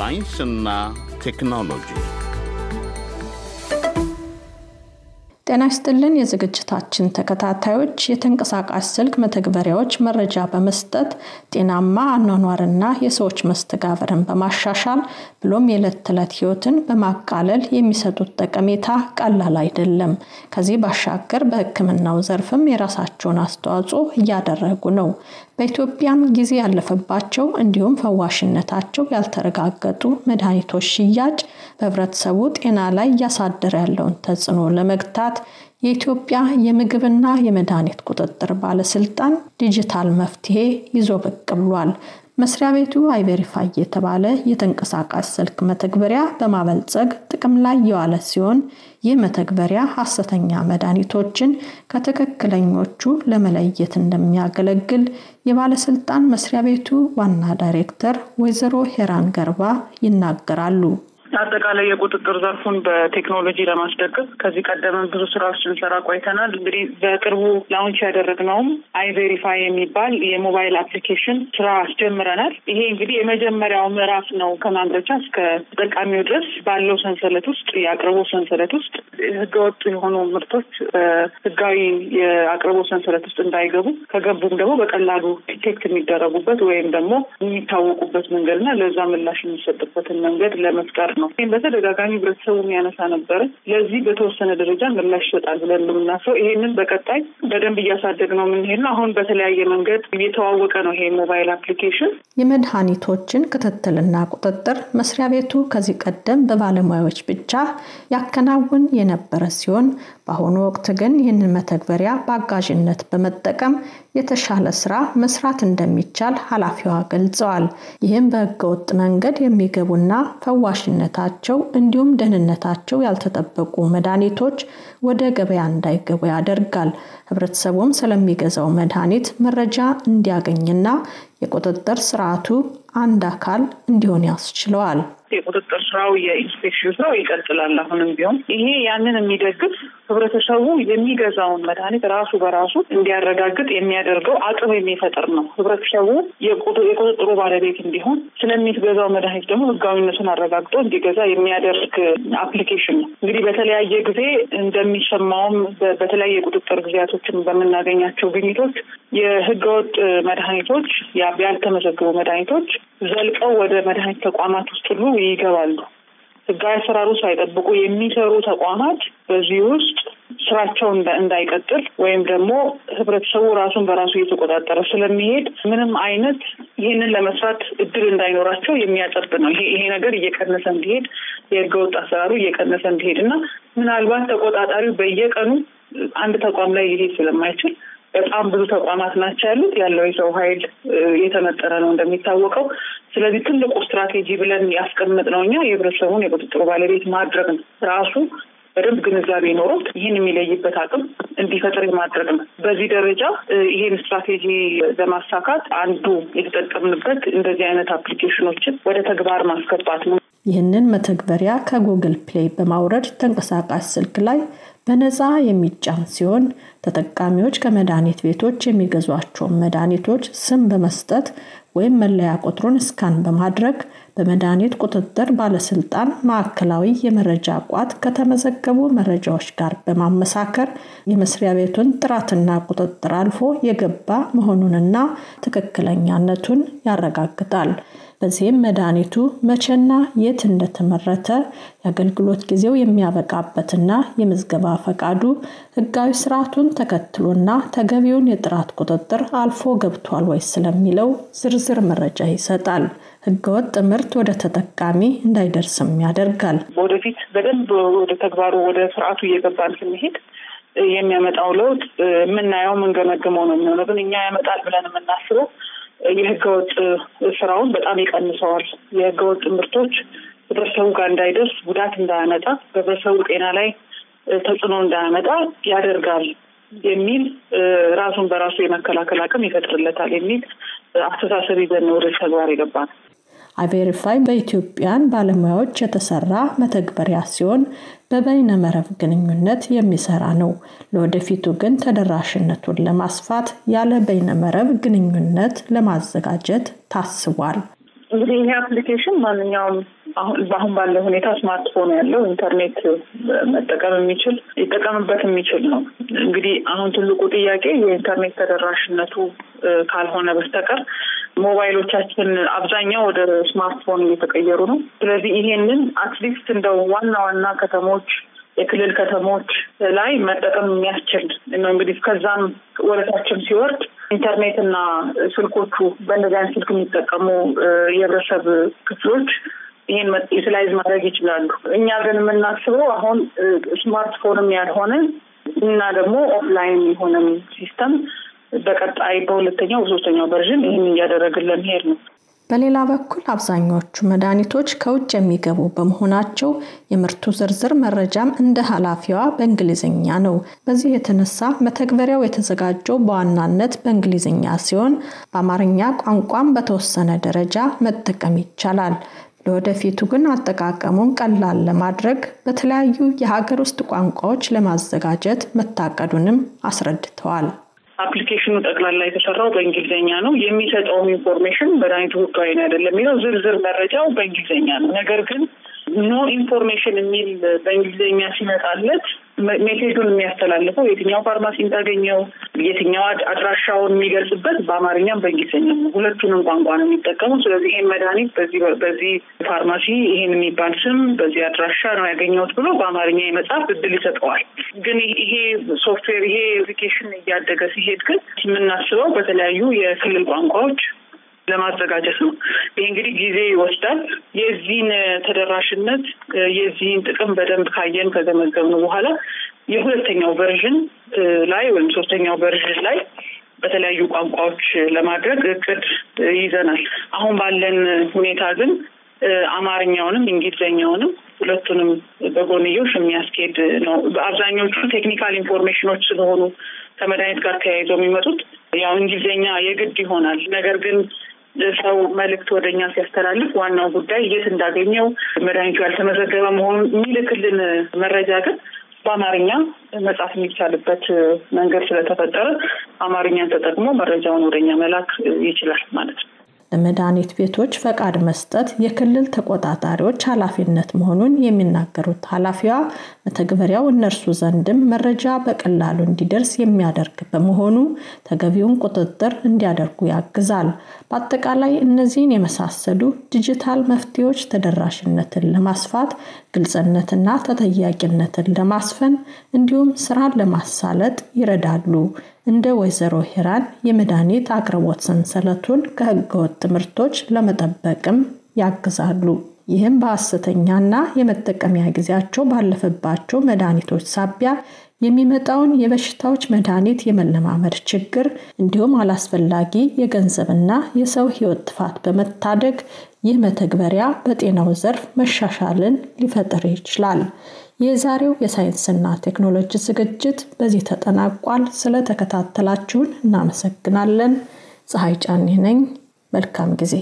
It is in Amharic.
ሳይንስና ቴክኖሎጂ ጤና ይስጥልን የዝግጅታችን ተከታታዮች የተንቀሳቃሽ ስልክ መተግበሪያዎች መረጃ በመስጠት ጤናማ አኗኗርና የሰዎች መስተጋበርን በማሻሻል ብሎም የዕለት ተዕለት ህይወትን በማቃለል የሚሰጡት ጠቀሜታ ቀላል አይደለም። ከዚህ ባሻገር በህክምናው ዘርፍም የራሳቸውን አስተዋጽኦ እያደረጉ ነው። በኢትዮጵያም ጊዜ ያለፈባቸው እንዲሁም ፈዋሽነታቸው ያልተረጋገጡ መድኃኒቶች ሽያጭ በህብረተሰቡ ጤና ላይ እያሳደረ ያለውን ተጽዕኖ ለመግታት የኢትዮጵያ የምግብና የመድኃኒት ቁጥጥር ባለስልጣን ዲጂታል መፍትሄ ይዞ ብቅ ብሏል። መስሪያ ቤቱ አይቬሪፋይ የተባለ የተንቀሳቃሽ ስልክ መተግበሪያ በማበልጸግ ጥቅም ላይ የዋለ ሲሆን ይህ መተግበሪያ ሐሰተኛ መድኃኒቶችን ከትክክለኞቹ ለመለየት እንደሚያገለግል የባለስልጣን መስሪያ ቤቱ ዋና ዳይሬክተር ወይዘሮ ሄራን ገርባ ይናገራሉ። አጠቃላይ የቁጥጥር ዘርፉን በቴክኖሎጂ ለማስደገፍ ከዚህ ቀደምም ብዙ ስራዎች ስንሰራ ቆይተናል። እንግዲህ በቅርቡ ላውንች ያደረግነውም አይ ቬሪፋይ የሚባል የሞባይል አፕሊኬሽን ስራ አስጀምረናል። ይሄ እንግዲህ የመጀመሪያው ምዕራፍ ነው። ከማምረቻ እስከ ተጠቃሚው ድረስ ባለው ሰንሰለት ውስጥ የአቅርቦ ሰንሰለት ውስጥ ህገወጥ የሆኑ ምርቶች ህጋዊ የአቅርቦ ሰንሰለት ውስጥ እንዳይገቡ ከገቡም ደግሞ በቀላሉ ዲቴክት የሚደረጉበት ወይም ደግሞ የሚታወቁበት መንገድና ለዛ ምላሽ የሚሰጥበትን መንገድ ለመፍጠር ነው። ይህም በተደጋጋሚ ህብረተሰቡ የሚያነሳ ነበረ። ለዚህ በተወሰነ ደረጃ ምላሽ ይሰጣል ብለን የምናስበው ይሄንን በቀጣይ በደንብ እያሳደግ ነው የምንሄድ ነው። አሁን በተለያየ መንገድ እየተዋወቀ ነው ይሄ ሞባይል አፕሊኬሽን። የመድኃኒቶችን ክትትልና ቁጥጥር መስሪያ ቤቱ ከዚህ ቀደም በባለሙያዎች ብቻ ያከናውን የነበረ ሲሆን በአሁኑ ወቅት ግን ይህንን መተግበሪያ በአጋዥነት በመጠቀም የተሻለ ስራ መስራት እንደሚቻል ኃላፊዋ ገልጸዋል። ይህም በህገወጥ መንገድ የሚገቡና ፈዋሽነት ደህንነታቸው እንዲሁም ደህንነታቸው ያልተጠበቁ መድኃኒቶች ወደ ገበያ እንዳይገቡ ያደርጋል። ህብረተሰቡም ስለሚገዛው መድኃኒት መረጃ እንዲያገኝና የቁጥጥር ስርዓቱ አንድ አካል እንዲሆን ያስችለዋል። የቁጥጥር ስራው የኢንስፔክሽን ስራው ይቀጥላል። አሁንም ቢሆን ይሄ ያንን የሚደግፍ ህብረተሰቡ የሚገዛውን መድኃኒት ራሱ በራሱ እንዲያረጋግጥ የሚያደርገው አቅም የሚፈጥር ነው። ህብረተሰቡ የቁጥጥሩ ባለቤት እንዲሆን ስለሚገዛው መድኃኒት ደግሞ ህጋዊነቱን አረጋግጦ እንዲገዛ የሚያደርግ አፕሊኬሽን ነው። እንግዲህ በተለያየ ጊዜ እንደሚሰማውም በተለያየ ቁጥጥር ጊዜያቶችን በምናገኛቸው ግኝቶች የህገወጥ መድኃኒቶች ያ በዳይራቢ ያልተመዘገቡ መድኃኒቶች ዘልቀው ወደ መድኃኒት ተቋማት ውስጥ ሁሉ ይገባሉ። ህጋዊ አሰራሩ ሳይጠብቁ የሚሰሩ ተቋማት በዚህ ውስጥ ስራቸውን እንዳይቀጥል ወይም ደግሞ ህብረተሰቡ ራሱን በራሱ እየተቆጣጠረ ስለሚሄድ ምንም አይነት ይህንን ለመስራት እድል እንዳይኖራቸው የሚያጸብ ነው። ይሄ ነገር እየቀነሰ እንዲሄድ የህገወጥ አሰራሩ እየቀነሰ እንዲሄድ እና ምናልባት ተቆጣጣሪው በየቀኑ አንድ ተቋም ላይ ይሄድ ስለማይችል በጣም ብዙ ተቋማት ናቸው ያሉት። ያለው የሰው ኃይል የተመጠረ ነው እንደሚታወቀው። ስለዚህ ትልቁ ስትራቴጂ ብለን ነው። እኛ የህብረተሰቡን የቁጥጥሩ ባለቤት ማድረግ ነው ራሱ በደንብ ግንዛቤ ኖሮት ይህን የሚለይበት አቅም እንዲፈጥር ማድረግ ነው። በዚህ ደረጃ ይህን ስትራቴጂ ለማሳካት አንዱ የተጠቀምንበት እንደዚህ አይነት አፕሊኬሽኖችን ወደ ተግባር ማስገባት ነው። ይህንን መተግበሪያ ከጉግል ፕሌይ በማውረድ ተንቀሳቃሽ ስልክ ላይ በነፃ የሚጫን ሲሆን ተጠቃሚዎች ከመድኃኒት ቤቶች የሚገዟቸውን መድኃኒቶች ስም በመስጠት ወይም መለያ ቁጥሩን እስካን በማድረግ በመድኃኒት ቁጥጥር ባለስልጣን ማዕከላዊ የመረጃ ቋት ከተመዘገቡ መረጃዎች ጋር በማመሳከር የመስሪያ ቤቱን ጥራትና ቁጥጥር አልፎ የገባ መሆኑንና ትክክለኛነቱን ያረጋግጣል። በዚህም መድኃኒቱ መቼና የት እንደተመረተ የአገልግሎት ጊዜው የሚያበቃበትና የምዝገባ ፈቃዱ ሕጋዊ ስርዓቱን ተከትሎና ተገቢውን የጥራት ቁጥጥር አልፎ ገብቷል ወይ ስለሚለው ዝርዝር ዝርዝር መረጃ ይሰጣል። ህገወጥ ምርት ወደ ተጠቃሚ እንዳይደርስም ያደርጋል። ወደፊት በደንብ ወደ ተግባሩ ወደ ስርዓቱ እየገባን ስንሄድ የሚያመጣው ለውጥ የምናየው የምንገመግመው ነው የሚሆነው። ግን እኛ ያመጣል ብለን የምናስበው የህገወጥ ስራውን በጣም ይቀንሰዋል። የህገወጥ ምርቶች ህብረተሰቡ ጋር እንዳይደርስ ጉዳት እንዳያመጣ፣ በህብረተሰቡ ጤና ላይ ተጽዕኖ እንዳያመጣ ያደርጋል። የሚል ራሱን በራሱ የመከላከል አቅም ይፈጥርለታል የሚል አስተሳሰብ ይዘን ወደ ተግባር የገባ ነው። አቬሪፋይ በኢትዮጵያን ባለሙያዎች የተሰራ መተግበሪያ ሲሆን በበይነ መረብ ግንኙነት የሚሰራ ነው። ለወደፊቱ ግን ተደራሽነቱን ለማስፋት ያለ በይነ መረብ ግንኙነት ለማዘጋጀት ታስቧል። እንግዲህ ይሄ አፕሊኬሽን ማንኛውም አሁን ባለው ሁኔታ ስማርትፎን ያለው ኢንተርኔት መጠቀም የሚችል ሊጠቀምበት የሚችል ነው። እንግዲህ አሁን ትልቁ ጥያቄ የኢንተርኔት ተደራሽነቱ ካልሆነ በስተቀር ሞባይሎቻችን አብዛኛው ወደ ስማርትፎን እየተቀየሩ ነው። ስለዚህ ይሄንን አትሊስት እንደው ዋና ዋና ከተሞች የክልል ከተሞች ላይ መጠቀም የሚያስችል ነው። እንግዲህ ከዛም ወደታችን ሲወርድ ኢንተርኔትና ስልኮቹ በእንደዚህ አይነት ስልክ የሚጠቀሙ የህብረተሰብ ክፍሎች ይህን ዩቲላይዝ ማድረግ ይችላሉ። እኛ ግን የምናስበው አሁን ስማርትፎንም ያልሆነ እና ደግሞ ኦፍላይን የሆነም ሲስተም በቀጣይ በሁለተኛው በሶስተኛው ቨርዥን ይህን እያደረግን ለመሄድ ነው። በሌላ በኩል አብዛኛዎቹ መድኃኒቶች ከውጭ የሚገቡ በመሆናቸው የምርቱ ዝርዝር መረጃም እንደ ኃላፊዋ በእንግሊዝኛ ነው። በዚህ የተነሳ መተግበሪያው የተዘጋጀው በዋናነት በእንግሊዝኛ ሲሆን በአማርኛ ቋንቋም በተወሰነ ደረጃ መጠቀም ይቻላል። ለወደፊቱ ግን አጠቃቀሙን ቀላል ለማድረግ በተለያዩ የሀገር ውስጥ ቋንቋዎች ለማዘጋጀት መታቀዱንም አስረድተዋል። አፕሊኬሽኑ ጠቅላላ የተሰራው በእንግሊዝኛ ነው። የሚሰጠውም ኢንፎርሜሽን መድኃኒቱ ህጋዊ ነው አይደለም የሚለው ዝርዝር መረጃው በእንግሊዝኛ ነው። ነገር ግን ኖ ኢንፎርሜሽን የሚል በእንግሊዝኛ ሲመጣለት ሜሴጁን የሚያስተላልፈው የትኛው ፋርማሲ እንዳገኘው የትኛው አድራሻውን የሚገልጽበት በአማርኛም በእንግሊዝኛ ሁለቱንም ቋንቋ ነው የሚጠቀሙ ስለዚህ ይህን መድኃኒት በዚህ በዚህ ፋርማሲ ይህን የሚባል ስም በዚህ አድራሻ ነው ያገኘሁት ብሎ በአማርኛ የመጽሐፍ እድል ይሰጠዋል። ግን ይሄ ሶፍትዌር ይሄ ኤዱኬሽን እያደገ ሲሄድ ግን የምናስበው በተለያዩ የክልል ቋንቋዎች ለማዘጋጀት ነው። ይህ እንግዲህ ጊዜ ይወስዳል። የዚህን ተደራሽነት የዚህን ጥቅም በደንብ ካየን ከገመገምን በኋላ የሁለተኛው ቨርዥን ላይ ወይም ሶስተኛው ቨርዥን ላይ በተለያዩ ቋንቋዎች ለማድረግ እቅድ ይዘናል። አሁን ባለን ሁኔታ ግን አማርኛውንም እንግሊዝኛውንም ሁለቱንም በጎንዮሽ የሚያስኬድ ነው። በአብዛኞቹ ቴክኒካል ኢንፎርሜሽኖች ስለሆኑ ከመድኃኒት ጋር ተያይዘው የሚመጡት ያው እንግሊዝኛ የግድ ይሆናል። ነገር ግን ሰው መልእክት ወደኛ ሲያስተላልፍ ዋናው ጉዳይ የት እንዳገኘው መድኃኒቱ ያልተመዘገበ መሆኑን የሚልክልን መረጃ ግን በአማርኛ መጻፍ የሚቻልበት መንገድ ስለተፈጠረ አማርኛን ተጠቅሞ መረጃውን ወደኛ መላክ ይችላል ማለት ነው። ለመድኃኒት ቤቶች ፈቃድ መስጠት የክልል ተቆጣጣሪዎች ኃላፊነት መሆኑን የሚናገሩት ኃላፊዋ መተግበሪያው እነርሱ ዘንድም መረጃ በቀላሉ እንዲደርስ የሚያደርግ በመሆኑ ተገቢውን ቁጥጥር እንዲያደርጉ ያግዛል። በአጠቃላይ እነዚህን የመሳሰሉ ዲጂታል መፍትሄዎች ተደራሽነትን ለማስፋት፣ ግልጽነትና ተጠያቂነትን ለማስፈን እንዲሁም ስራን ለማሳለጥ ይረዳሉ። እንደ ወይዘሮ ሄራን የመድኃኒት አቅርቦት ሰንሰለቱን ከህገወጥ ምርቶች ለመጠበቅም ያግዛሉ። ይህም በሐሰተኛና የመጠቀሚያ ጊዜያቸው ባለፈባቸው መድኃኒቶች ሳቢያ የሚመጣውን የበሽታዎች መድኃኒት የመለማመድ ችግር እንዲሁም አላስፈላጊ የገንዘብና የሰው ህይወት ጥፋት በመታደግ ይህ መተግበሪያ በጤናው ዘርፍ መሻሻልን ሊፈጥር ይችላል። የዛሬው የሳይንስና ቴክኖሎጂ ዝግጅት በዚህ ተጠናቋል። ስለተከታተላችሁን እናመሰግናለን። ፀሐይ ጫኔ ነኝ። መልካም ጊዜ